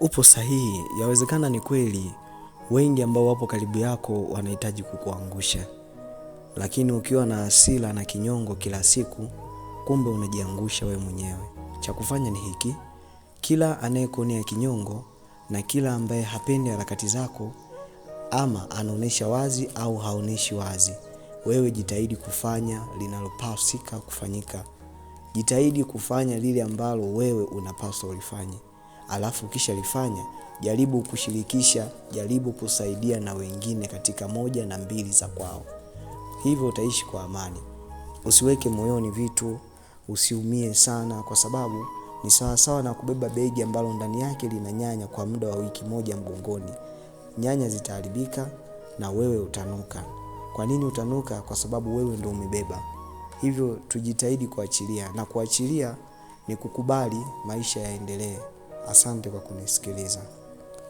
upo sahihi. Yawezekana ni kweli wengi ambao wapo karibu yako wanahitaji kukuangusha, lakini ukiwa na hasira na kinyongo kila siku, kumbe unajiangusha wewe mwenyewe. Cha kufanya ni hiki: kila anayekuonea kinyongo na kila ambaye hapendi harakati zako, ama anaonesha wazi au haonyeshi wazi, wewe jitahidi kufanya linalopasika kufanyika. Jitahidi kufanya lile ambalo wewe unapaswa ulifanye alafu lifanya jaribu kushirikisha, jaribu kusaidia na wengine katika moja na mbili za kwao. Hivyo utaishi kwa amani. Usiweke moyoni vitu, usiumie sana, kwa sababu ni sawasawa na kubeba begi ambalo ndani yake lina nyanya kwa muda wa wiki moja mgongoni. Nyanya zitaharibika na wewe utanuka. Kwa nini utanuka? Kwa sababu wewe ndio umebeba. Hivyo tujitahidi kuachilia, na kuachilia ni kukubali maisha yaendelee. Asante kwa kunisikiliza.